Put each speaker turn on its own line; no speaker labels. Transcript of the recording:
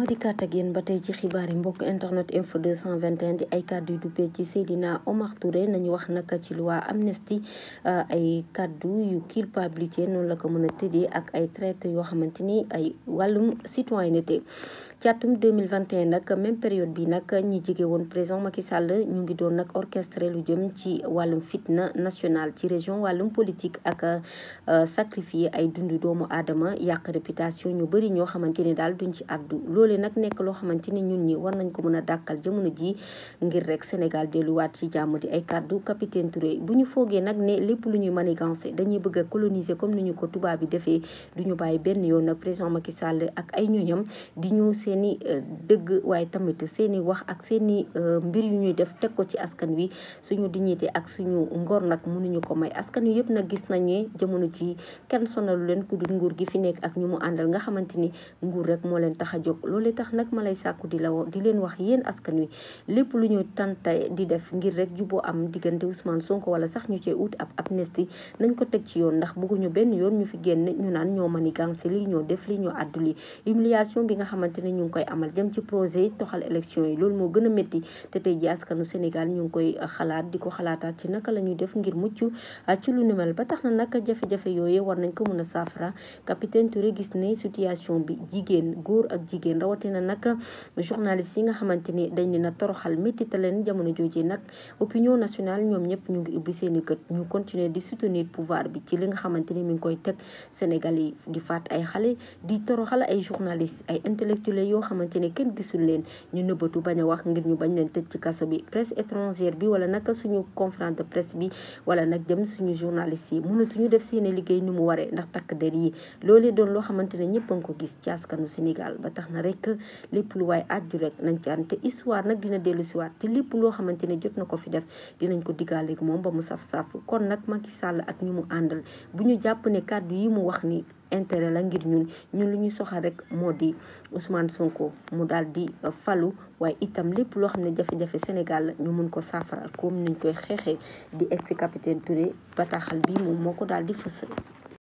moo di kàtt ak yéen ba tey ci xibaar yi mbokk internet info 221 di ay kàddu yu duppee ci Seydina Omar Touré euh, ay kàddu yu culpabilité noonu la ko mën a tëddee ak ay traite yoo xamante ni ay wàllum citoyenneté ci atum 2021 nag même période bi nag ñi jege woon président Macky Sall ñu ngi doon nag orchestré lu jëm ci wàllum fitna national ci région wàllum politique ak euh, sacrifier ay dundu doomu aadama yàq réputation ñu bëri ñoo xamante ni daal duñ ci addu loolu loolee nag nekk loo xamante ni ñun nii war nañ ko mën a dàkkal jamono ji ngir rek Sénégal delluwaat ci jàmm di ay kàddu capitaine Touré bu ñu foogee nag ne lépp lu ñuy manigancé dañuy bëgg a comme ni ñu ko tubaab bi defee du ñu bàyyi benn yoon nag président Macky Sall ak ay ñoñam di ñu seen i euh, dëgg waaye tamit seen i wax ak seen i euh, mbir yu ñuy def teg ko ci askan wi suñu dignité ak suñu ngor nag mënuñu ko may askan wi yëpp nag gis nañ ne jamono ji kenn sonalu leen ku nguur gi fi nekk ak ñu mu àndal nga xamante ni nguur moo leen tax a jóg loole tax nag ma lay sàkku di la di leen wax yéen askan wi lépp lu ñu tànte di def ngir rek juboo am diggante Ousmane Sonko wala sax ñu cee ut ab amnistie nañ ko teg ci yoon ndax bëgguñu benn yoon ñu fi génn ñu naan ñoo manigance lii ñoo def lii ñoo àddu lii humiliation bi nga xamante ne ñu ngi koy amal jëm ci projet toxal élection yi loolu moo gën a métti te tey ji askanu Sénégal ñu ngi koy xalaat di ko xalaataat ci naka la ñuy def ngir mucc ah, ci lu ni ba tax na nag jafe-jafe yooyee war nañ ko mën a saafara capitaine Touré gis ne situation bi jigéen góor ak jigéen rawatina nag journaliste yi nga xamante ni dañ leen toroxal méttita leen jamono jooju nag opinion nationale ñoom ñëpp ñu ngi ubbi seen i gët ñu continuer di soutenir pouvoir bi ci li nga xamante ni mi ngi koy teg Sénégal yi di faat ay xale di toroxal ay journaliste ay intellectuels yoo xamante ni kenn gisul leen ñu nëbbatu bañ a wax ngir ñu bañ leen tëj ci kaso bi presse étrangère bi wala nag suñu conférence de presse bi wala nag jëm suñu journaliste yi mënatuñu def seen liggéey ni mu waree ndax takk der loolee doon loo xamante ne ñëpp a ngi ko gis ci askanu Sénégal ba tax na rek que lépp lu waaye àjju rek nañ ci ànd te histoire nag dina dellu si te lépp loo xamante ne jot na ko fi def dinañ ko diggaaleegi moom ba mu saf-saf kon nag ma Macky sàll ak ñu mu àndal bu ñu jàpp ne kàddu yi mu wax ni intérêt la ngir ñun ñun lu ñu soxal rek moo di Ousmane Sonko mu daal di falu waaye itam lépp loo xam ne jafe-jafe Sénégal la ñu mun ko saafara comme niñ koy xeexee di ex capitaine Touré bataaxal bi moom moo ko daal di fësal